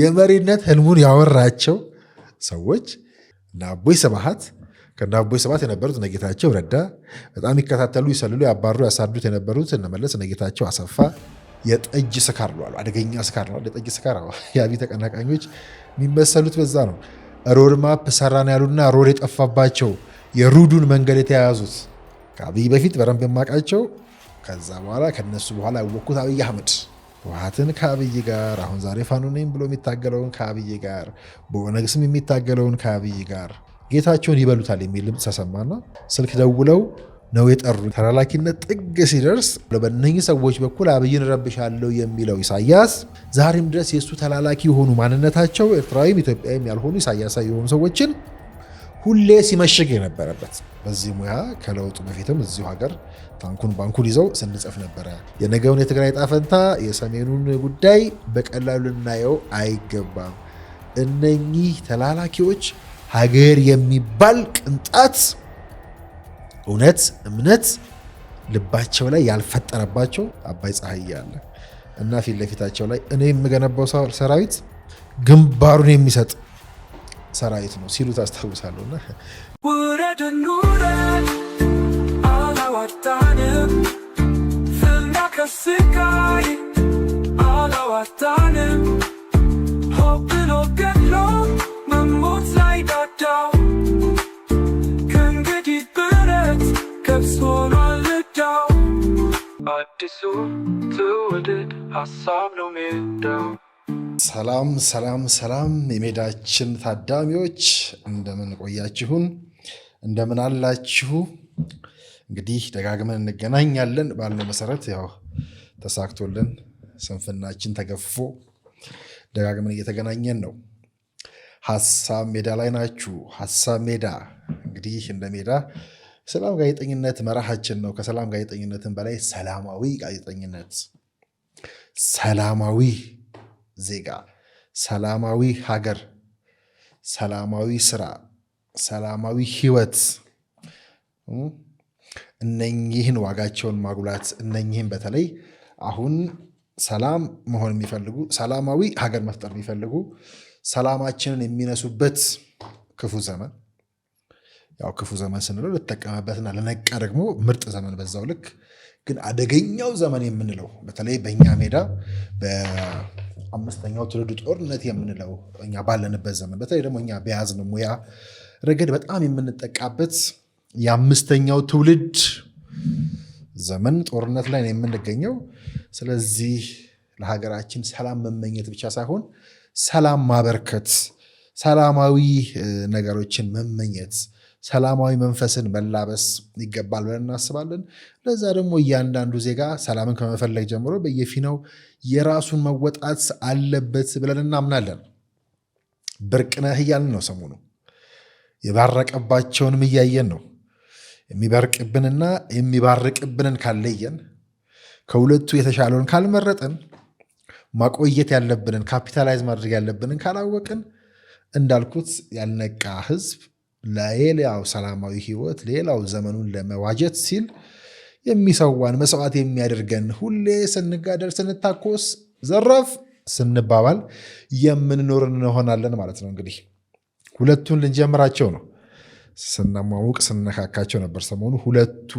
የመሪነት ህልሙን ያወራቸው ሰዎች እነ አቦይ ስብሃት ከእነ አቦይ ስብሃት የነበሩት እነ ጌታቸው ረዳ በጣም ይከታተሉ፣ ይሰልሉ፣ ያባሩ፣ ያሳዱት የነበሩት እነ መለስ፣ እነ ጌታቸው አሰፋ የጠጅ ስካር ነው አደገኛ ስካር ነው የጠጅ ስካር። የአብይ ተቀናቃኞች የሚመሰሉት በዛ ነው። ሮድ ማፕ ሰራን ያሉና ሮድ የጠፋባቸው የሩዱን መንገድ የተያያዙት ከአብይ በፊት በረንብ የማውቃቸው ከዛ በኋላ ከነሱ በኋላ ያወቅኩት አብይ አህመድ ህወሓትን ከአብይ ጋር አሁን ዛሬ ፋኖ ነኝ ብሎ የሚታገለውን ከአብይ ጋር በኦነግ ስም የሚታገለውን ከአብይ ጋር ጌታቸውን ይበሉታል የሚል ድምፅ ተሰማና ስልክ ደውለው ነው የጠሩ። ተላላኪነት ጥግ ሲደርስ በእነኚህ ሰዎች በኩል አብይን ረብሻለሁ የሚለው ኢሳያስ ዛሬም ድረስ የእሱ ተላላኪ የሆኑ ማንነታቸው ኤርትራዊም ኢትዮጵያዊም ያልሆኑ ኢሳያሳዊ የሆኑ ሰዎችን ሁሌ ሲመሽግ የነበረበት በዚህ ሙያ ከለውጡ በፊትም እዚሁ ሀገር ታንኩን ባንኩን ይዘው ስንጽፍ ነበረ። የነገውን የትግራይ ጣፈንታ የሰሜኑን ጉዳይ በቀላሉ ልናየው አይገባም። እነኚህ ተላላኪዎች ሀገር የሚባል ቅንጣት እውነት፣ እምነት ልባቸው ላይ ያልፈጠረባቸው አባይ ፀሐይ አለ እና ፊት ለፊታቸው ላይ እኔ የምገነባው ሰራዊት ግንባሩን የሚሰጥ ሰራዊት ነው ሲሉ ታስታውሳለሁ። እና ውረድን ውረድ አላዋጣንም፣ ፍና ከስቃይ አላዋጣንም፣ ሆብሎ ገድሎ መሞት ላይ ዳዳው ከእንግዲህ ብረት ከብሶን አልዳው አዲሱ ትውልድ ሀሳብ ነው ሜዳው ሰላም ሰላም ሰላም የሜዳችን ታዳሚዎች እንደምን ቆያችሁን? እንደምን አላችሁ? እንግዲህ ደጋግመን እንገናኛለን ባለው መሰረት ያው ተሳክቶልን ስንፍናችን ተገፎ ደጋግመን እየተገናኘን ነው። ሀሳብ ሜዳ ላይ ናችሁ። ሀሳብ ሜዳ እንግዲህ እንደ ሜዳ ሰላም ጋዜጠኝነት መርሃችን ነው። ከሰላም ጋዜጠኝነትን በላይ ሰላማዊ ጋዜጠኝነት ሰላማዊ ዜጋ፣ ሰላማዊ ሀገር፣ ሰላማዊ ስራ፣ ሰላማዊ ህይወት እነኚህን ዋጋቸውን ማጉላት እነኚህን በተለይ አሁን ሰላም መሆን የሚፈልጉ ሰላማዊ ሀገር መፍጠር የሚፈልጉ ሰላማችንን የሚነሱበት ክፉ ዘመን ያው ክፉ ዘመን ስንለው ልጠቀመበትና ለነቃ ደግሞ ምርጥ ዘመን በዛው ልክ ግን አደገኛው ዘመን የምንለው በተለይ በእኛ ሜዳ አምስተኛው ትውልድ ጦርነት የምንለው እኛ ባለንበት ዘመን በተለይ ደግሞ እኛ በያዝን ሙያ ረገድ በጣም የምንጠቃበት የአምስተኛው ትውልድ ዘመን ጦርነት ላይ ነው የምንገኘው። ስለዚህ ለሀገራችን ሰላም መመኘት ብቻ ሳይሆን ሰላም ማበርከት፣ ሰላማዊ ነገሮችን መመኘት ሰላማዊ መንፈስን መላበስ ይገባል ብለን እናስባለን። ለዛ ደግሞ እያንዳንዱ ዜጋ ሰላምን ከመፈለግ ጀምሮ በየፊናው የራሱን መወጣት አለበት ብለን እናምናለን። ብርቅ ነህ እያልን ነው። ሰሞኑ የባረቀባቸውንም እያየን ነው። የሚበርቅብንና የሚባርቅብንን ካለየን ከሁለቱ የተሻለውን ካልመረጥን ማቆየት ያለብንን ካፒታላይዝ ማድረግ ያለብንን ካላወቅን እንዳልኩት ያልነቃ ህዝብ ለሌላው ሰላማዊ ህይወት ሌላው ዘመኑን ለመዋጀት ሲል የሚሰዋን መስዋዕት የሚያደርገን ሁሌ ስንጋደር፣ ስንታኮስ፣ ዘረፍ ስንባባል የምንኖር እንሆናለን ማለት ነው። እንግዲህ ሁለቱን ልንጀምራቸው ነው። ስናሟሙቅ ስነካካቸው ነበር ሰሞኑ ሁለቱ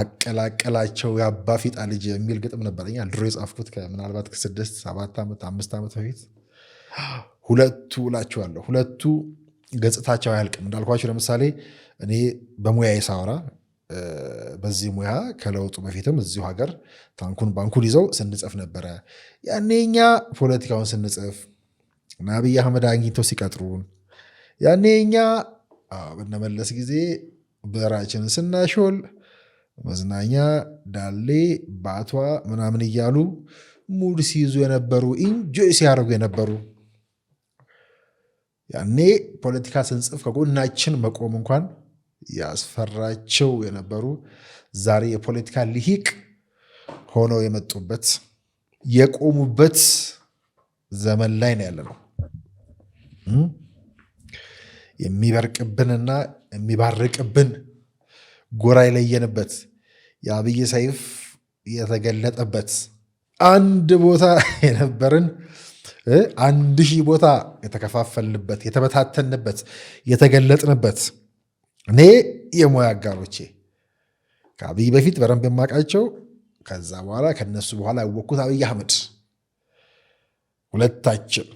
አቀላቀላቸው የአባ ፊጣ ልጅ የሚል ግጥም ነበረኛ ድሮ የጻፍኩት ምናልባት ከስድስት ሰባት ዓመት አምስት ዓመት በፊት ሁለቱ እላችኋለሁ ሁለቱ ገጽታቸው አያልቅም። እንዳልኳቸው ለምሳሌ እኔ በሙያዬ ሳወራ በዚህ ሙያ ከለውጡ በፊትም እዚሁ ሀገር ታንኩን ባንኩን ይዘው ስንጽፍ ነበረ። ያኔ እኛ ፖለቲካውን ስንጽፍ እና አብይ አህመድ አግኝተው ሲቀጥሩን፣ ያኔ እኛ በነመለስ ጊዜ በራችንን ስናሾል መዝናኛ ዳሌ ባቷ ምናምን እያሉ ሙድ ሲይዙ የነበሩ ኢንጆይ ሲያደርጉ የነበሩ ያኔ ፖለቲካ ስንጽፍ ከጎናችን መቆም እንኳን ያስፈራቸው የነበሩ ዛሬ የፖለቲካ ልሂቅ ሆነው የመጡበት የቆሙበት ዘመን ላይ ነው ነው። የሚበርቅብንና የሚባርቅብን ጎራ የለየንበት የአብይ ሰይፍ የተገለጠበት አንድ ቦታ የነበርን አንድ ሺህ ቦታ የተከፋፈልንበት፣ የተበታተንበት፣ የተገለጥንበት እኔ የሙያ አጋሮቼ ከአብይ በፊት በረንብ የማውቃቸው ከዛ በኋላ ከነሱ በኋላ ያወቅኩት አብይ አህመድ ሁለታችን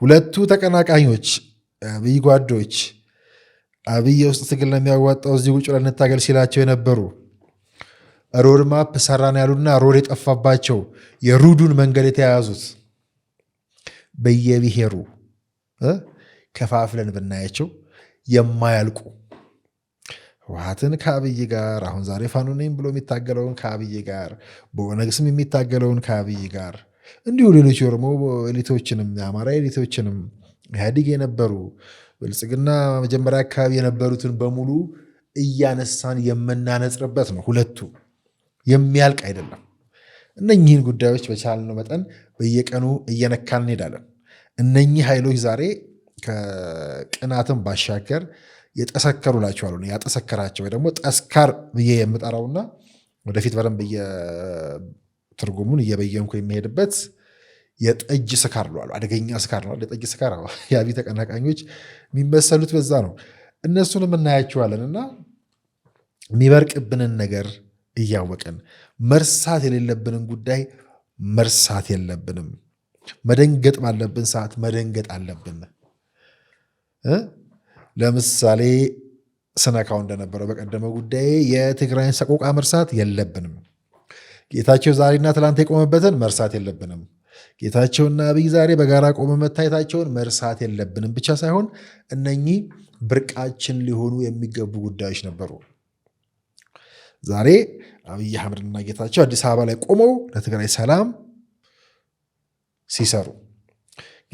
ሁለቱ ተቀናቃኞች አብይ ጓዶች አብይ የውስጥ ትግል ነው የሚያዋጣው እዚህ ውጭ ለንታገል ሲላቸው የነበሩ ሮድማፕ ሰራን ያሉና ሮድ የጠፋባቸው የሩዱን መንገድ የተያያዙት በየብሔሩ ከፋፍለን ብናያቸው የማያልቁ ህወሓትን ከአብይ ጋር አሁን ዛሬ ፋኖ ነኝ ብሎ የሚታገለውን ከአብይ ጋር በኦነግ ስም የሚታገለውን ከአብይ ጋር እንዲሁ ሌሎች የኦሮሞ ኤሊቶችንም የአማራ ኤሊቶችንም ኢህአዲግ የነበሩ ብልጽግና መጀመሪያ አካባቢ የነበሩትን በሙሉ እያነሳን የምናነጽርበት ነው። ሁለቱ የሚያልቅ አይደለም። እነኚህን ጉዳዮች በቻልነው መጠን በየቀኑ እየነካ እንሄዳለን። እነኚህ ኃይሎች ዛሬ ከቅናትን ባሻገር የጠሰከሩ ላቸዋሉ ያጠሰከራቸው ወይ ደግሞ ጠስካር ብዬ የምጠራውና ወደፊት በደንብ ትርጉሙን እየበየንኩ የሚሄድበት የጠጅ ስካር ሉ አደገኛ ስካር ነው። የጠጅ ስካር ነው። ተቀናቃኞች የሚመሰሉት በዛ ነው። እነሱንም እናያቸዋለን እና የሚበርቅብንን ነገር እያወቅን መርሳት የሌለብንን ጉዳይ መርሳት የለብንም። መደንገጥ ባለብን ሰዓት መደንገጥ አለብን። ለምሳሌ ስነካው እንደነበረው በቀደመ ጉዳይ የትግራይን ሰቆቃ መርሳት የለብንም። ጌታቸው ዛሬና ትላንት የቆመበትን መርሳት የለብንም። ጌታቸውና አብይ ዛሬ በጋራ ቆመ መታየታቸውን መርሳት የለብንም ብቻ ሳይሆን እነኚህ ብርቃችን ሊሆኑ የሚገቡ ጉዳዮች ነበሩ። ዛሬ አብይ አህመድና ጌታቸው አዲስ አበባ ላይ ቆመው ለትግራይ ሰላም ሲሰሩ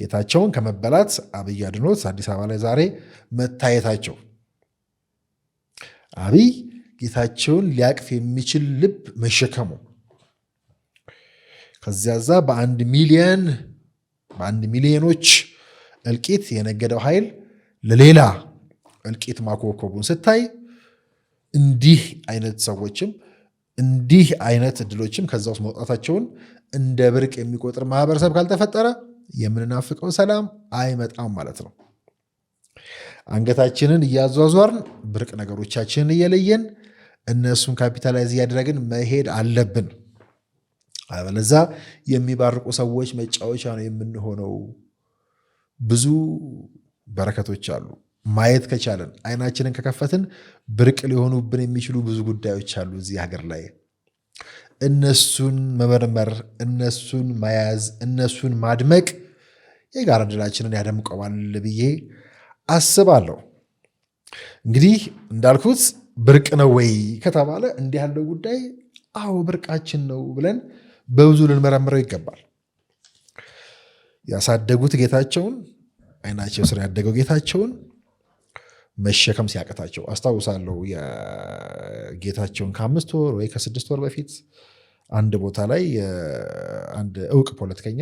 ጌታቸውን ከመበላት አብይ አድኖት አዲስ አበባ ላይ ዛሬ መታየታቸው አብይ ጌታቸውን ሊያቅፍ የሚችል ልብ መሸከሙ ከዚያዛ በአንድ ሚሊየን በአንድ ሚሊዮኖች እልቂት የነገደው ኃይል ለሌላ እልቂት ማኮብኮቡን ስታይ እንዲህ አይነት ሰዎችም እንዲህ አይነት እድሎችም ከዛ ውስጥ መውጣታቸውን እንደ ብርቅ የሚቆጥር ማህበረሰብ ካልተፈጠረ የምንናፍቀው ሰላም አይመጣም ማለት ነው። አንገታችንን እያዟዟርን ብርቅ ነገሮቻችንን እየለየን እነሱን ካፒታላይዝ እያደረግን መሄድ አለብን። አበለዛ የሚባርቁ ሰዎች መጫወቻ ነው የምንሆነው። ብዙ በረከቶች አሉ። ማየት ከቻለን አይናችንን ከከፈትን ብርቅ ሊሆኑብን የሚችሉ ብዙ ጉዳዮች አሉ እዚህ ሀገር ላይ። እነሱን መመርመር፣ እነሱን መያዝ፣ እነሱን ማድመቅ የጋራ ድላችንን ያደምቀዋል ብዬ አስባለሁ። እንግዲህ እንዳልኩት ብርቅ ነው ወይ ከተባለ እንዲህ ያለው ጉዳይ አዎ ብርቃችን ነው ብለን በብዙ ልንመረምረው ይገባል። ያሳደጉት ጌታቸውን አይናቸው ስር ያደገው ጌታቸውን መሸከም ሲያቅታቸው አስታውሳለሁ። የጌታቸውን ከአምስት ወር ወይ ከስድስት ወር በፊት አንድ ቦታ ላይ አንድ እውቅ ፖለቲከኛ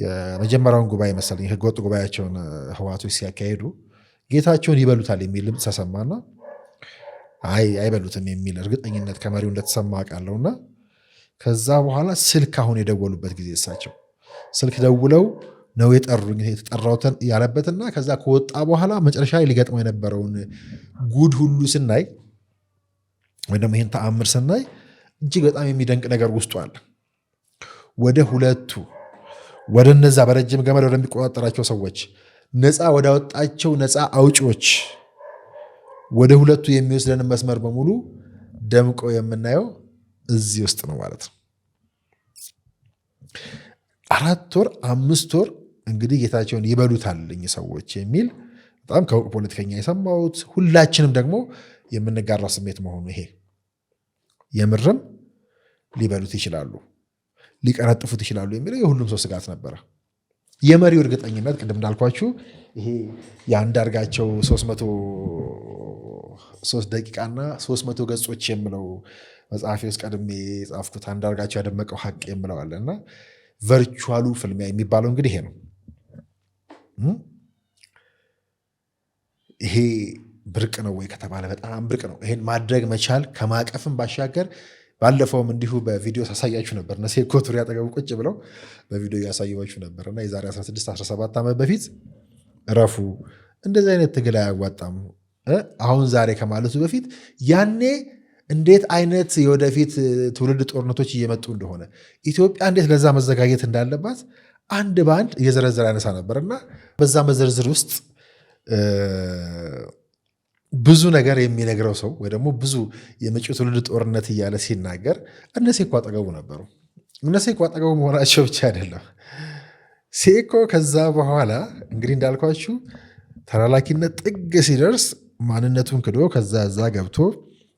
የመጀመሪያውን ጉባኤ መሰለኝ ህገወጥ ጉባኤያቸውን ህዋቶች ሲያካሄዱ ጌታቸውን ይበሉታል የሚል ድምፅ ተሰማና አይ አይበሉትም የሚል እርግጠኝነት ከመሪው እንደተሰማ እና ከዛ በኋላ ስልክ አሁን የደወሉበት ጊዜ እሳቸው ስልክ ደውለው ነው የጠሩኝ የተጠራውተን ያለበትና ከዛ ከወጣ በኋላ መጨረሻ ላይ ሊገጥመው የነበረውን ጉድ ሁሉ ስናይ ወይ ደግሞ ይህን ተአምር ስናይ እጅግ በጣም የሚደንቅ ነገር ውስጡ አለ። ወደ ሁለቱ ወደ እነዛ በረጅም ገመድ ወደሚቆጣጠራቸው ሰዎች ነፃ ወዳወጣቸው ነፃ አውጪዎች ወደ ሁለቱ የሚወስደን መስመር በሙሉ ደምቆ የምናየው እዚህ ውስጥ ነው ማለት ነው። አራት ወር አምስት ወር እንግዲህ ጌታቸውን ይበሉታል እኚህ ሰዎች የሚል በጣም ከውቅ ፖለቲከኛ የሰማሁት ሁላችንም ደግሞ የምንጋራ ስሜት መሆኑ ይሄ የምርም ሊበሉት ይችላሉ፣ ሊቀረጥፉት ይችላሉ የሚለው የሁሉም ሰው ስጋት ነበረ። የመሪው እርግጠኝነት ቅድም እንዳልኳችሁ ይሄ የአንዳርጋቸው 3 ደቂቃና 300 ገጾች የምለው መጽሐፊ ውስጥ ቀድሜ የጻፍኩት አንዳርጋቸው ያደመቀው ሀቅ የምለዋለ እና ቨርቹዋሉ ፍልሚያ የሚባለው እንግዲህ ይሄ ነው። ይሄ ብርቅ ነው ወይ ከተባለ በጣም ብርቅ ነው። ይሄን ማድረግ መቻል ከማቀፍም ባሻገር ባለፈውም እንዲሁ በቪዲዮ ሳሳያችሁ ነበር ነሴ ኮቱሪ አጠገቡ ቁጭ ብለው በቪዲዮ እያሳየችሁ ነበር እና የዛሬ 16 17 ዓመት በፊት እረፉ፣ እንደዚህ አይነት ትግል አያዋጣም አሁን ዛሬ ከማለቱ በፊት ያኔ እንዴት አይነት የወደፊት ትውልድ ጦርነቶች እየመጡ እንደሆነ ኢትዮጵያ እንዴት ለዛ መዘጋጀት እንዳለባት አንድ በአንድ እየዘረዘረ ያነሳ ነበር እና በዛ መዘርዝር ውስጥ ብዙ ነገር የሚነግረው ሰው ወይ ደግሞ ብዙ የመጪው ትውልድ ጦርነት እያለ ሲናገር እነ አጠገቡ ነበሩ። እነ አጠገቡ መሆናቸው ብቻ አይደለም። ሴኮ ከዛ በኋላ እንግዲህ እንዳልኳችሁ ተላላኪነት ጥግ ሲደርስ ማንነቱን ክዶ ከዛ እዛ ገብቶ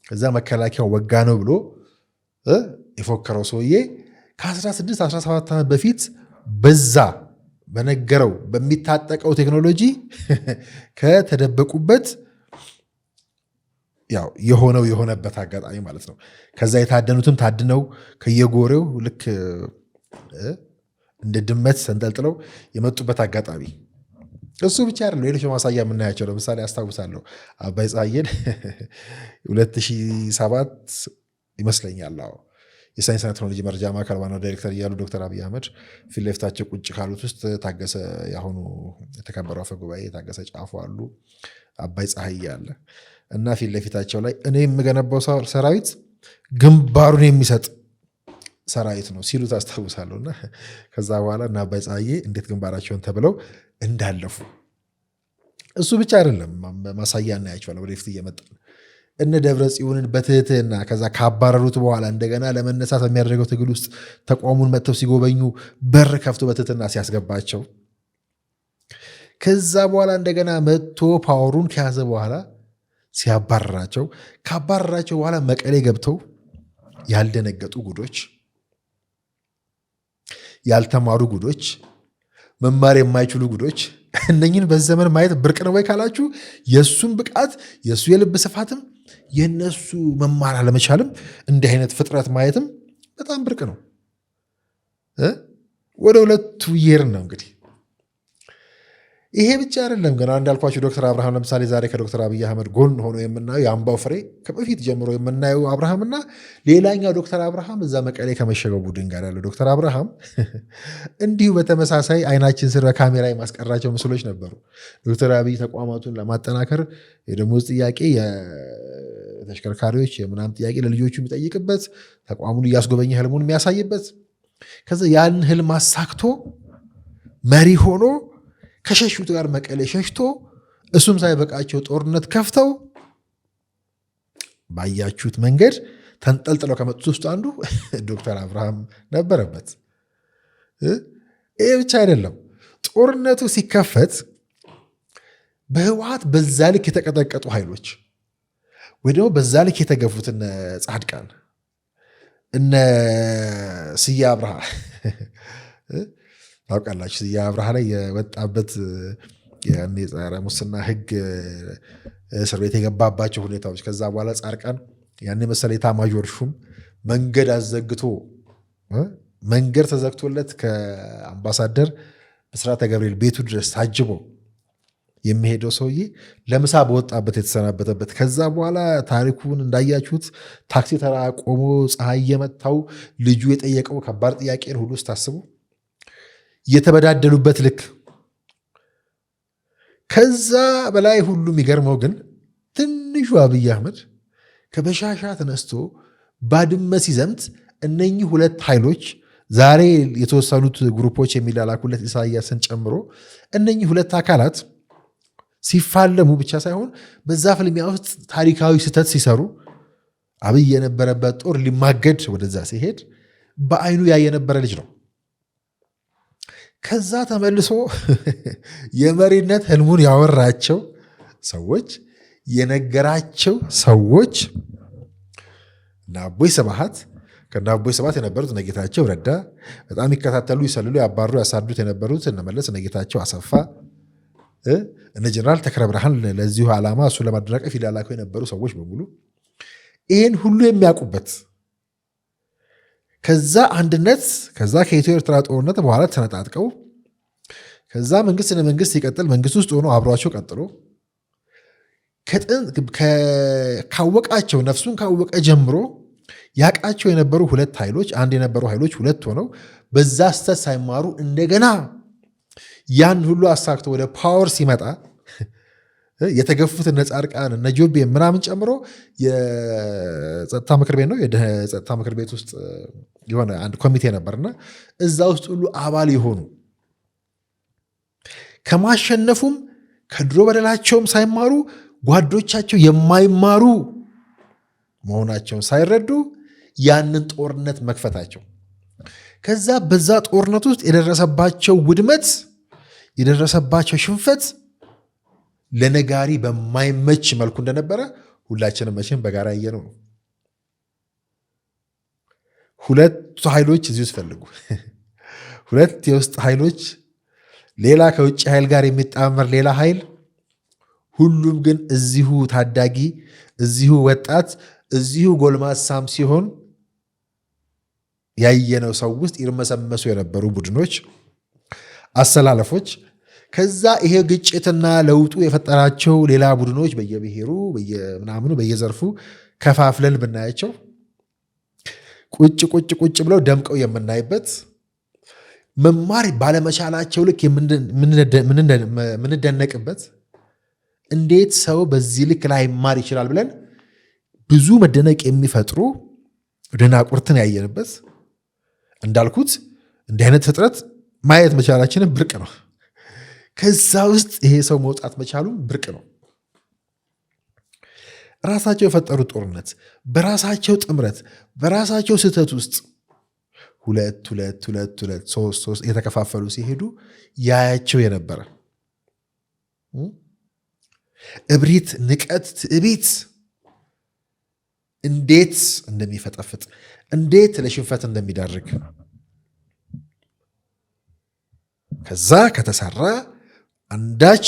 ከዛ መከላከያው ወጋ ነው ብሎ የፎከረው ሰውዬ ከ16 17 ዓመት በፊት በዛ በነገረው በሚታጠቀው ቴክኖሎጂ ከተደበቁበት ያው የሆነው የሆነበት አጋጣሚ ማለት ነው። ከዛ የታደኑትም ታድነው ከየጎሬው ልክ እንደ ድመት ሰንጠልጥለው የመጡበት አጋጣሚ እሱ ብቻ አይደለም። ሌሎች በማሳያ የምናያቸው ለምሳሌ አስታውሳለሁ አባይ ፀሐዬን 2007 ይመስለኛል የሳይንስና ቴክኖሎጂ መረጃ ማዕከል ዋና ዳይሬክተር እያሉ ዶክተር አብይ አህመድ ፊት ለፊታቸው ቁጭ ካሉት ውስጥ ታገሰ የአሁኑ የተከበረው አፈ ጉባኤ ታገሰ ጫፉ አሉ፣ አባይ ፀሐይ አለ እና ፊት ለፊታቸው ላይ እኔ የምገነባው ሰራዊት ግንባሩን የሚሰጥ ሰራዊት ነው ሲሉ ታስታውሳለሁ። እና ከዛ በኋላ እና አባይ ፀሐዬ እንዴት ግንባራቸውን ተብለው እንዳለፉ እሱ ብቻ አይደለም ማሳያ እናያቸዋለን ወደፊት እየመጣ እነ ደብረ ጽዮንን በትህትና ከዛ ካባረሩት በኋላ እንደገና ለመነሳት በሚያደርገው ትግል ውስጥ ተቋሙን መጥተው ሲጎበኙ በር ከፍቶ በትህትና ሲያስገባቸው ከዛ በኋላ እንደገና መጥቶ ፓወሩን ከያዘ በኋላ ሲያባረራቸው ካባረራቸው በኋላ መቀሌ ገብተው ያልደነገጡ ጉዶች፣ ያልተማሩ ጉዶች፣ መማር የማይችሉ ጉዶች እነኝን በዘመን ማየት ብርቅ ነው ወይ ካላችሁ የእሱን ብቃት የእሱ የልብ ስፋትም የእነሱ መማር አለመቻልም እንዲህ አይነት ፍጥረት ማየትም በጣም ብርቅ ነው። ወደ ሁለቱ የርን ነው እንግዲህ ይሄ ብቻ አይደለም። ገና እንዳልኳቸው ዶክተር አብርሃም ለምሳሌ ዛሬ ከዶክተር አብይ አህመድ ጎን ሆኖ የምናየው የአምባው ፍሬ ከበፊት ጀምሮ የምናየው እና ሌላኛው ዶክተር አብርሃም እዛ መቀሌ ከመሸገው ቡድን ጋር ያለው ዶክተር አብርሃም እንዲሁ በተመሳሳይ አይናችን ስር በካሜራ የማስቀራቸው ምስሎች ነበሩ። ዶክተር አብይ ተቋማቱን ለማጠናከር የደሞዝ ጥያቄ ተሽከርካሪዎች የምናምን ጥያቄ ለልጆቹ የሚጠይቅበት ተቋሙን እያስጎበኘ ህልሙን የሚያሳይበት ከዚ ያን ህልም አሳክቶ መሪ ሆኖ ከሸሹት ጋር መቀሌ ሸሽቶ እሱም ሳይበቃቸው ጦርነት ከፍተው ባያችሁት መንገድ ተንጠልጥለው ከመጡት ውስጥ አንዱ ዶክተር አብርሃም ነበረበት። ይህ ብቻ አይደለም። ጦርነቱ ሲከፈት በህወሀት በዛ ልክ የተቀጠቀጡ ኃይሎች ወይ ደግሞ በዛ ልክ የተገፉት እነ ጻድቃን እነ ስዬ አብርሃ ታውቃላችሁ፣ ስዬ አብርሃ ላይ የወጣበት የጸረ ሙስና ህግ እስር ቤት የገባባቸው ሁኔታዎች ከዛ በኋላ ጻድቃን ያን መሰለ የኤታማዦር ሹም መንገድ አዘግቶ መንገድ ተዘግቶለት ከአምባሳደር ብስራተ ገብርኤል ቤቱ ድረስ ታጅቦ የሚሄደው ሰውዬ ለምሳ በወጣበት የተሰናበተበት ከዛ በኋላ ታሪኩን እንዳያችሁት ታክሲ ተራ ቆሞ ፀሐይ የመታው ልጁ የጠየቀው ከባድ ጥያቄን ሁሉ ስታስቡ የተበዳደሉበት ልክ ከዛ በላይ ሁሉ የሚገርመው ግን ትንሹ አብይ አህመድ ከበሻሻ ተነስቶ ባድመ ሲዘምት እነኚህ ሁለት ኃይሎች ዛሬ የተወሰኑት ግሩፖች የሚላላኩለት ኢሳያስን ጨምሮ እነኚህ ሁለት አካላት ሲፋለሙ ብቻ ሳይሆን በዛ ፍልሚያ ውስጥ ታሪካዊ ስህተት ሲሰሩ አብይ የነበረበት ጦር ሊማገድ ወደዛ ሲሄድ በአይኑ ያ የነበረ ልጅ ነው። ከዛ ተመልሶ የመሪነት ህልሙን ያወራቸው ሰዎች የነገራቸው ሰዎች እና አቦይ ስብሃት ከእነ አቦይ የነበሩት እነ ጌታቸው ረዳ በጣም ይከታተሉ፣ ይሰልሉ፣ ያባሩ፣ ያሳዱት የነበሩት እነ መለስ እነ ጌታቸው አሰፋ እነ ጀነራል ተክለ ብርሃን ለዚሁ ዓላማ እሱን ለማደናቀፍ ይላላከው የነበሩ ሰዎች በሙሉ ይህን ሁሉ የሚያውቁበት ከዛ አንድነት ከዛ ከኢትዮ ኤርትራ ጦርነት በኋላ ተነጣጥቀው ከዛ መንግስት እነ መንግስት ሲቀጥል መንግስት ውስጥ ሆኖ አብሯቸው ቀጥሎ ካወቃቸው ነፍሱን ካወቀ ጀምሮ ያውቃቸው የነበሩ ሁለት ኃይሎች አንድ የነበሩ ኃይሎች ሁለት ሆነው በዛ ስተት ሳይማሩ እንደገና ያን ሁሉ አሳክቶ ወደ ፓወር ሲመጣ የተገፉት እነ ጻድቃን እነ ጆቤ ምናምን ጨምሮ የጸጥታ ምክር ቤት ነው የጸጥታ ምክር ቤት ውስጥ የሆነ አንድ ኮሚቴ ነበርና እዛ ውስጥ ሁሉ አባል የሆኑ ከማሸነፉም ከድሮ በደላቸውም ሳይማሩ ጓዶቻቸው የማይማሩ መሆናቸውን ሳይረዱ ያንን ጦርነት መክፈታቸው ከዛ በዛ ጦርነት ውስጥ የደረሰባቸው ውድመት የደረሰባቸው ሽንፈት ለነጋሪ በማይመች መልኩ እንደነበረ ሁላችንም መቼም በጋራ ያየነው ነው። ሁለቱ ኃይሎች እዚህ ውስጥ ፈልጉ። ሁለት የውስጥ ኃይሎች፣ ሌላ ከውጭ ኃይል ጋር የሚጣመር ሌላ ኃይል፣ ሁሉም ግን እዚሁ ታዳጊ፣ እዚሁ ወጣት፣ እዚሁ ጎልማሳም ሲሆን ያየነው ሰው ውስጥ ይርመሰመሱ የነበሩ ቡድኖች፣ አሰላለፎች ከዛ ይሄ ግጭትና ለውጡ የፈጠራቸው ሌላ ቡድኖች በየብሔሩ ምናምኑ በየዘርፉ ከፋፍለን ብናያቸው ቁጭ ቁጭ ቁጭ ብለው ደምቀው የምናይበት መማር ባለመቻላቸው ልክ የምንደነቅበት እንዴት ሰው በዚህ ልክ ላይማር ይችላል ብለን ብዙ መደነቅ የሚፈጥሩ ደናቁርትን ያየንበት እንዳልኩት እንዲህ አይነት ፍጥረት ማየት መቻላችንን ብርቅ ነው። ከዛ ውስጥ ይሄ ሰው መውጣት መቻሉ ብርቅ ነው። ራሳቸው የፈጠሩት ጦርነት በራሳቸው ጥምረት በራሳቸው ስህተት ውስጥ ሁለት ሁለት ሁለት ሁለት ሶስት ሶስት የተከፋፈሉ ሲሄዱ ያያቸው የነበረ እብሪት፣ ንቀት፣ ትዕቢት እንዴት እንደሚፈጠፍጥ እንዴት ለሽንፈት እንደሚዳርግ ከዛ ከተሰራ አንዳች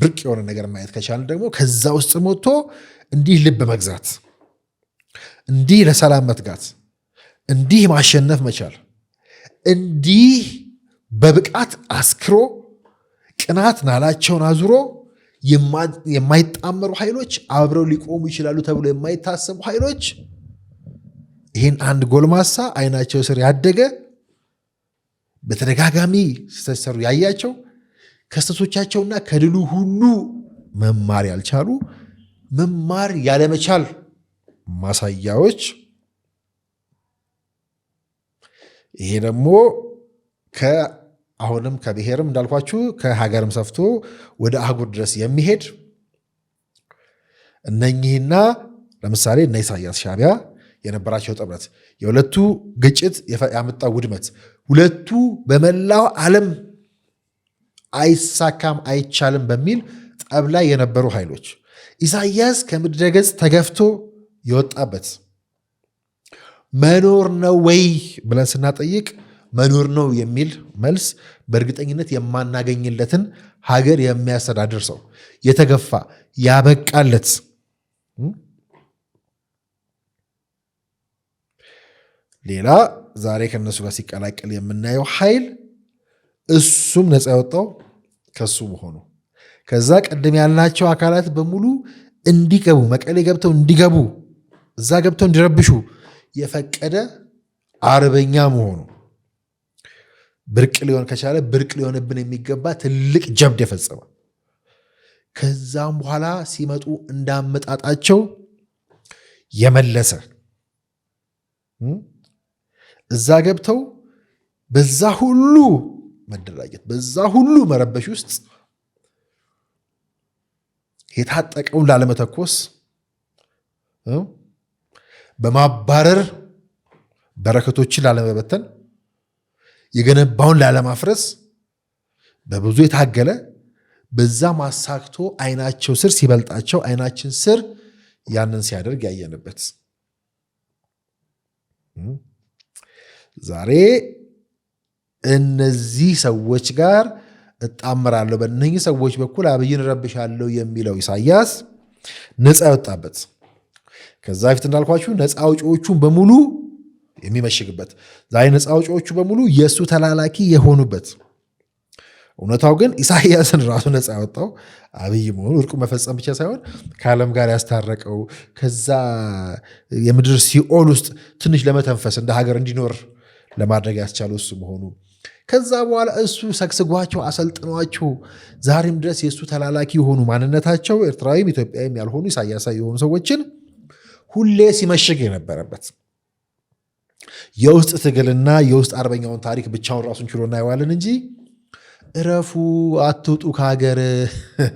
ብርቅ የሆነ ነገር ማየት ከቻለ ደግሞ ከዛ ውስጥ ሞቶ እንዲህ ልብ መግዛት፣ እንዲህ ለሰላም መትጋት፣ እንዲህ ማሸነፍ መቻል፣ እንዲህ በብቃት አስክሮ ቅናት ናላቸውን አዙሮ የማይጣመሩ ኃይሎች አብረው ሊቆሙ ይችላሉ ተብሎ የማይታሰቡ ኃይሎች ይህን አንድ ጎልማሳ አይናቸው ስር ያደገ በተደጋጋሚ ሲሰሩ ያያቸው ከስተቶቻቸውና ከድሉ ሁሉ መማር ያልቻሉ መማር ያለመቻል ማሳያዎች። ይሄ ደግሞ አሁንም ከብሔርም እንዳልኳችሁ ከሀገርም ሰፍቶ ወደ አህጉር ድረስ የሚሄድ እነኚህና ለምሳሌ እነ ኢሳያስ ሻቢያ የነበራቸው ጥምረት የሁለቱ ግጭት ያመጣው ውድመት ሁለቱ በመላው ዓለም አይሳካም፣ አይቻልም በሚል ጠብ ላይ የነበሩ ኃይሎች ኢሳያስ ከምድረ ገጽ ተገፍቶ የወጣበት መኖር ነው ወይ ብለን ስናጠይቅ መኖር ነው የሚል መልስ በእርግጠኝነት የማናገኝለትን ሀገር የሚያስተዳድር ሰው የተገፋ ያበቃለት ሌላ ዛሬ ከነሱ ጋር ሲቀላቀል የምናየው ኃይል እሱም ነፃ ያወጣው ከሱ መሆኑ ከዛ ቀደም ያልናቸው አካላት በሙሉ እንዲገቡ መቀሌ ገብተው እንዲገቡ እዛ ገብተው እንዲረብሹ የፈቀደ አርበኛ መሆኑ ብርቅ ሊሆን ከቻለ ብርቅ ሊሆንብን የሚገባ ትልቅ ጀብድ የፈጸመ ከዛም በኋላ ሲመጡ እንዳመጣጣቸው የመለሰ እዛ ገብተው በዛ ሁሉ መደራጀት በዛ ሁሉ መረበሽ ውስጥ የታጠቀውን ላለመተኮስ በማባረር በረከቶችን ላለመበተን የገነባውን ላለማፍረስ በብዙ የታገለ በዛ ማሳክቶ አይናቸው ስር ሲበልጣቸው አይናችን ስር ያንን ሲያደርግ ያየንበት ዛሬ እነዚህ ሰዎች ጋር እጣምራለሁ፣ በነህ ሰዎች በኩል አብይን ረብሻለሁ የሚለው ኢሳያስ ነፃ ያወጣበት ከዛ ፊት እንዳልኳችሁ ነፃ አውጪዎቹን በሙሉ የሚመሽግበት ዛሬ ነፃ አውጪዎቹ በሙሉ የእሱ ተላላኪ የሆኑበት እውነታው ግን ኢሳያስን ራሱ ነፃ ያወጣው አብይ መሆኑ እርቁ መፈጸም ብቻ ሳይሆን ከዓለም ጋር ያስታረቀው ከዛ የምድር ሲኦል ውስጥ ትንሽ ለመተንፈስ እንደ ሀገር እንዲኖር ለማድረግ ያስቻለው እሱ መሆኑ ከዛ በኋላ እሱ ሰግስጓቸው አሰልጥኗቸው ዛሬም ድረስ የእሱ ተላላኪ የሆኑ ማንነታቸው ኤርትራዊም ኢትዮጵያዊም ያልሆኑ ኢሳያሳ የሆኑ ሰዎችን ሁሌ ሲመሽግ የነበረበት የውስጥ ትግልና የውስጥ አርበኛውን ታሪክ ብቻውን ራሱን ችሎ እናየዋለን እንጂ እረፉ፣ አትውጡ ከሀገር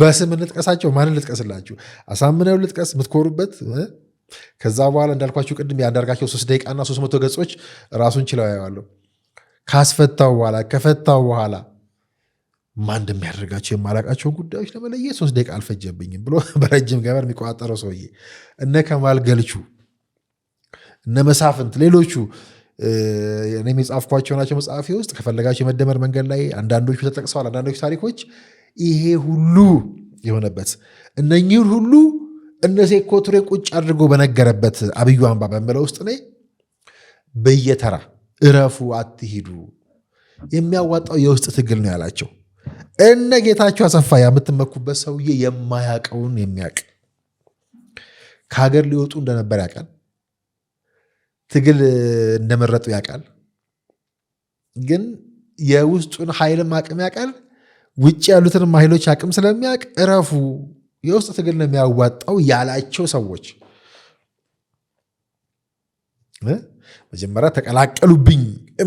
በስም እንጥቀሳቸው። ማንን ልጥቀስላችሁ? አሳምነው ልጥቀስ፣ የምትኮሩበት ከዛ በኋላ እንዳልኳቸው ቅድም የአንዳርጋቸው ሶስት ደቂቃና ሶስት መቶ ገጾች ራሱን ችለው ያየዋለሁ። ካስፈታው በኋላ ከፈታው በኋላ ማን እንደሚያደርጋቸው የማላቃቸውን ጉዳዮች ለመለየት ሶስት ደቂቃ አልፈጀብኝም ብሎ በረጅም ገበር የሚቆጣጠረው ሰውዬ እነ ከማል ገልቹ እነ መሳፍንት ሌሎቹ እኔም የጻፍኳቸው ናቸው መጽሐፊ ውስጥ ከፈለጋቸው የመደመር መንገድ ላይ አንዳንዶቹ ተጠቅሰዋል። አንዳንዶቹ ታሪኮች ይሄ ሁሉ የሆነበት እነኚህን ሁሉ እነሴ ኮትሬ ቁጭ አድርጎ በነገረበት አብዩ አምባ በምለው ውስጥ እኔ በየተራ እረፉ፣ አትሂዱ፣ የሚያዋጣው የውስጥ ትግል ነው ያላቸው እነ ጌታቸው አሰፋ የምትመኩበት ሰውዬ የማያውቀውን የሚያውቅ ከሀገር ሊወጡ እንደነበር ያውቃል። ትግል እንደመረጡ ያውቃል። ግን የውስጡን ኃይልም አቅም ያውቃል። ውጭ ያሉትን ኃይሎች አቅም ስለሚያውቅ እረፉ፣ የውስጥ ትግል ነው የሚያዋጣው ያላቸው ሰዎች መጀመሪያ ተቀላቀሉብኝ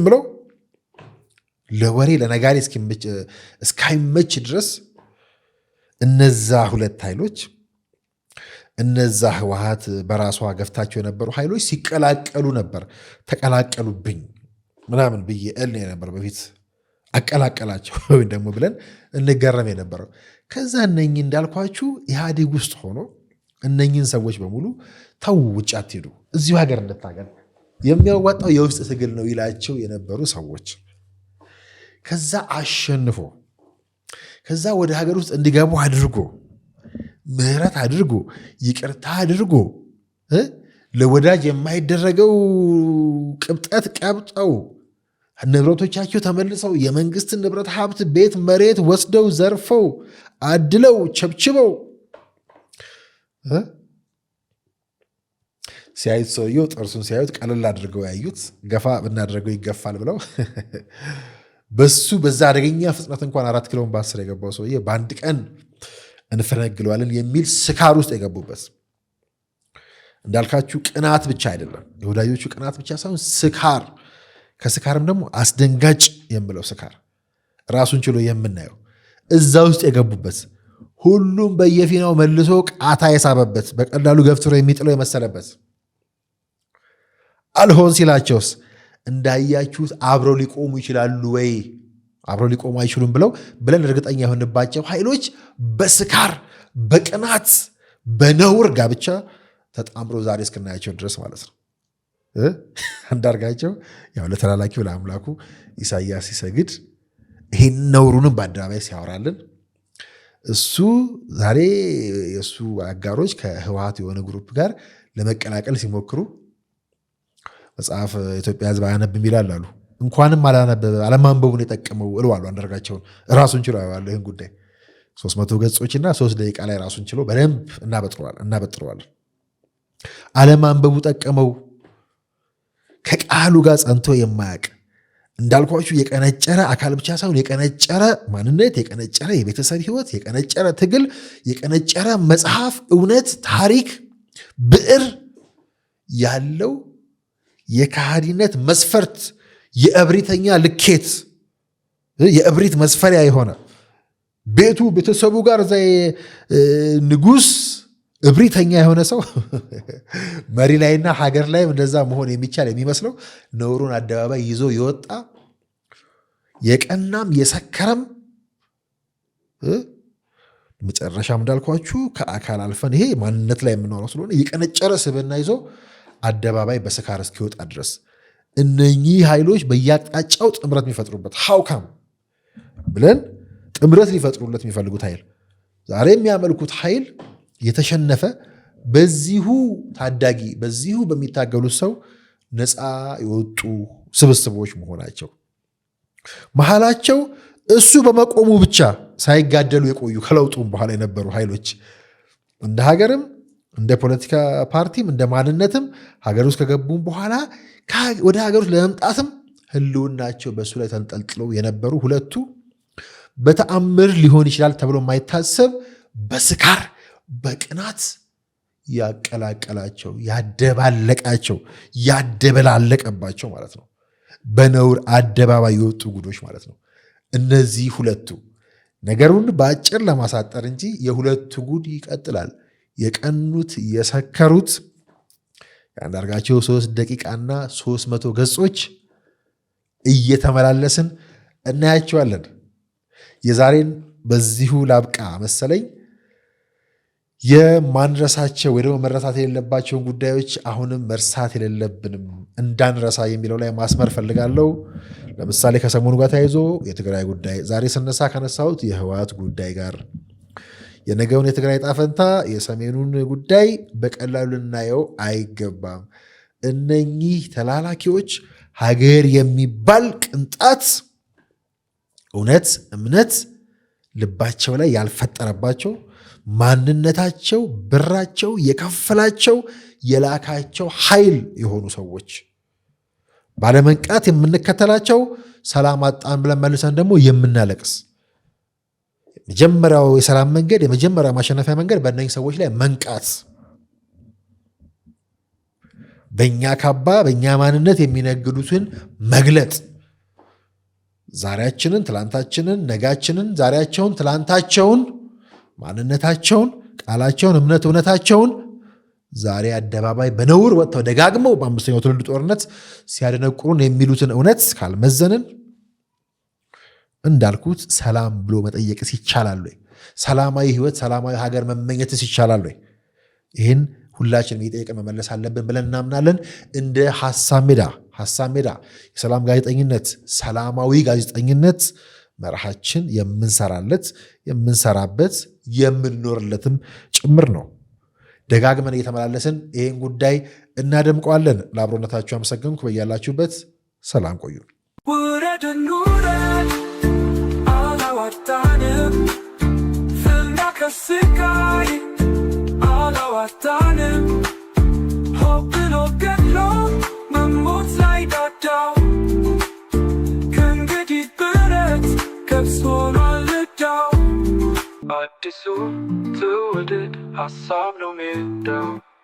ብለው ለወሬ ለነጋሪ እስካይመች ድረስ እነዛ ሁለት ኃይሎች እነዛ ህወሀት በራሷ ገፍታቸው የነበሩ ኃይሎች ሲቀላቀሉ ነበር። ተቀላቀሉብኝ ምናምን ብዬ እል ነበር በፊት አቀላቀላቸው ወይም ደግሞ ብለን እንገረም የነበረው። ከዛ እነኝ እንዳልኳችሁ ኢህአዴግ ውስጥ ሆኖ እነኝን ሰዎች በሙሉ ተው፣ ውጭ አትሄዱ፣ እዚሁ ሀገር እንድታገል የሚያዋጣው የውስጥ ትግል ነው ይላቸው የነበሩ ሰዎች ከዛ አሸንፎ ከዛ ወደ ሀገር ውስጥ እንዲገቡ አድርጎ ምህረት አድርጎ ይቅርታ አድርጎ ለወዳጅ የማይደረገው ቅብጠት ቀብጠው ንብረቶቻቸው ተመልሰው የመንግስትን ንብረት ሀብት፣ ቤት፣ መሬት ወስደው ዘርፈው አድለው ቸብችበው ሲያዩት ሰውየው ጥርሱን ሲያዩት ቀለል አድርገው ያዩት፣ ገፋ ብናደርገው ይገፋል ብለው በሱ በዛ አደገኛ ፍጥነት እንኳን አራት ኪሎን በአስር የገባው ሰውዬ በአንድ ቀን እንፈነግለዋለን የሚል ስካር ውስጥ የገቡበት እንዳልካችሁ ቅናት ብቻ አይደለም፣ የወዳጆቹ ቅናት ብቻ ሳይሆን ስካር፣ ከስካርም ደግሞ አስደንጋጭ የምለው ስካር ራሱን ችሎ የምናየው እዛ ውስጥ የገቡበት ሁሉም በየፊናው መልሶ ቃታ የሳበበት በቀላሉ ገፍትሮ የሚጥለው የመሰለበት አልሆን ሲላቸውስ እንዳያችሁት አብረው ሊቆሙ ይችላሉ ወይ? አብረው ሊቆሙ አይችሉም ብለው ብለን እርግጠኛ የሆንባቸው ኃይሎች በስካር በቅናት በነውር ጋብቻ ተጣምሮ ዛሬ እስክናያቸው ድረስ ማለት ነው። አንዳርጋቸው ያው ለተላላኪው ለአምላኩ ኢሳያስ ሲሰግድ ይህን ነውሩንም በአደባባይ ሲያወራልን እሱ ዛሬ የእሱ አጋሮች ከህወሓት የሆነ ግሩፕ ጋር ለመቀላቀል ሲሞክሩ መጽሐፍ ኢትዮጵያ ሕዝብ አያነብ ይላል አሉ። እንኳንም አላነበበ አለማንበቡን የጠቀመው እለዋሉ አንዳርጋቸውን ራሱን ችሎ ያዋለ ይህን ጉዳይ ሶስት መቶ ገጾችና ሶስት ደቂቃ ላይ ራሱን ችሎ በደንብ እናበጥረዋለን። አለማንበቡ ጠቀመው። ከቃሉ ጋር ጸንቶ የማያቅ እንዳልኳችሁ የቀነጨረ አካል ብቻ ሳይሆን የቀነጨረ ማንነት፣ የቀነጨረ የቤተሰብ ህይወት፣ የቀነጨረ ትግል፣ የቀነጨረ መጽሐፍ፣ እውነት፣ ታሪክ፣ ብዕር ያለው የካህዲነት መስፈርት የእብሪተኛ ልኬት የእብሪት መስፈሪያ የሆነ ቤቱ ቤተሰቡ ጋር እዛ ንጉስ እብሪተኛ የሆነ ሰው መሪ ላይና ሀገር ላይም እንደዛ መሆን የሚቻል የሚመስለው ነውሩን አደባባይ ይዞ የወጣ የቀናም የሰከረም መጨረሻም እንዳልኳችሁ ከአካል አልፈን ይሄ ማንነት ላይ የምናወራው ስለሆነ የቀነጨረ ስብና ይዞ አደባባይ በስካር እስኪወጣ ድረስ እነኚህ ኃይሎች በየአቅጣጫው ጥምረት የሚፈጥሩበት ሀውካም ብለን ጥምረት ሊፈጥሩለት የሚፈልጉት ኃይል ዛሬ የሚያመልኩት ኃይል የተሸነፈ በዚሁ ታዳጊ በዚሁ በሚታገሉት ሰው ነፃ የወጡ ስብስቦች መሆናቸው መሀላቸው እሱ በመቆሙ ብቻ ሳይጋደሉ የቆዩ ከለውጡም በኋላ የነበሩ ኃይሎች እንደ ሀገርም እንደ ፖለቲካ ፓርቲም እንደ ማንነትም ሀገር ውስጥ ከገቡም በኋላ ወደ ሀገር ውስጥ ለመምጣትም ህልውናቸው በእሱ ላይ ተንጠልጥለው የነበሩ ሁለቱ በተአምር ሊሆን ይችላል ተብሎ የማይታሰብ በስካር በቅናት ያቀላቀላቸው ያደባለቃቸው ያደበላለቀባቸው ማለት ነው። በነውር አደባባይ የወጡ ጉዶች ማለት ነው። እነዚህ ሁለቱ ነገሩን በአጭር ለማሳጠር እንጂ የሁለቱ ጉድ ይቀጥላል። የቀኑት የሰከሩት የአንዳርጋቸው ሶስት ደቂቃና ሶስት መቶ ገጾች እየተመላለስን እናያቸዋለን። የዛሬን በዚሁ ላብቃ መሰለኝ። የማንረሳቸው ወይ ደግሞ መረሳት የሌለባቸውን ጉዳዮች አሁንም መርሳት የሌለብንም እንዳንረሳ የሚለው ላይ ማስመር ፈልጋለሁ። ለምሳሌ ከሰሞኑ ጋር ተያይዞ የትግራይ ጉዳይ ዛሬ ስነሳ ከነሳሁት የህወሓት ጉዳይ ጋር የነገውን የትግራይ ጣፈንታ የሰሜኑን ጉዳይ በቀላሉ ልናየው አይገባም። እነኚህ ተላላኪዎች ሀገር የሚባል ቅንጣት እውነት፣ እምነት ልባቸው ላይ ያልፈጠረባቸው ማንነታቸው ብራቸው የከፈላቸው የላካቸው ኃይል የሆኑ ሰዎች ባለመንቃት የምንከተላቸው ሰላም አጣን ብለን መልሰን ደግሞ የምናለቅስ መጀመሪያው የሰላም መንገድ የመጀመሪያው ማሸነፊያ መንገድ በእነኝህ ሰዎች ላይ መንቃት፣ በእኛ ካባ በእኛ ማንነት የሚነግዱትን መግለጥ፣ ዛሬያችንን፣ ትላንታችንን፣ ነጋችንን፣ ዛሬያቸውን፣ ትላንታቸውን፣ ማንነታቸውን፣ ቃላቸውን፣ እምነት እውነታቸውን ዛሬ አደባባይ በነውር ወጥተው ደጋግመው በአምስተኛው ትውልድ ጦርነት ሲያደነቁሩን የሚሉትን እውነት ካልመዘንን እንዳልኩት ሰላም ብሎ መጠየቅስ ይቻላል ወይ? ሰላማዊ ህይወት፣ ሰላማዊ ሀገር መመኘትስ ይቻላል ወይ? ይህን ሁላችንም እየጠየቅን መመለስ አለብን ብለን እናምናለን። እንደ ሀሳብ ሜዳ ሀሳብ ሜዳ የሰላም ጋዜጠኝነት ሰላማዊ ጋዜጠኝነት መርሃችን የምንሰራለት የምንሰራበት የምንኖርለትም ጭምር ነው። ደጋግመን እየተመላለስን ይህን ጉዳይ እናደምቀዋለን። ለአብሮነታችሁ አመሰገንኩ። በያላችሁበት ሰላም ቆዩ። vatanım Fındakası kay Ala vatanım Hoppın o gönlüm Memutlayı dadav Kıngı git böret Kıp soralı dav Addesu Tövdet Hasablu middav